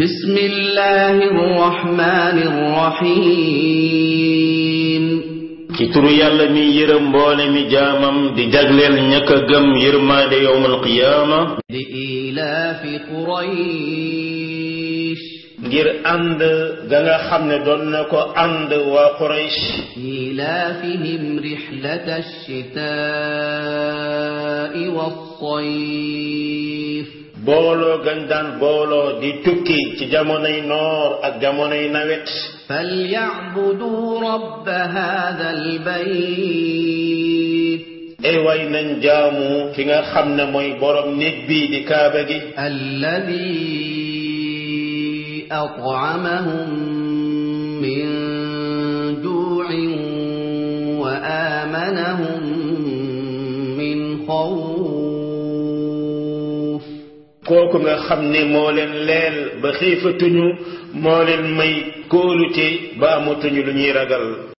بسم الله الرحمن الرحيم ci turu yàlla mi yërëm mboole mi jaamam di jagleel ñàkk a gëm yërmaande yowmal qiyaama li ilaafi Quraysh quraysh ngir ànd ga nga xam ne doon na ko ànd waa quraysh ilaafihim rixlata alchitaai walsayf booloo gañ daan booloo di tukki ci jamonoy noor ak jamonoy nawet falyacbuduu rabba hada albayt ay way nañ jaamu fi nga xam ne mooy borom nit bi di kaaba gi alladi أطعمهم من جوع وآمنهم من خوف kooku nga xam ne moo leen leel ba xiifatuñu moo leen may kóolute ba amatuñu lu ñuy ragal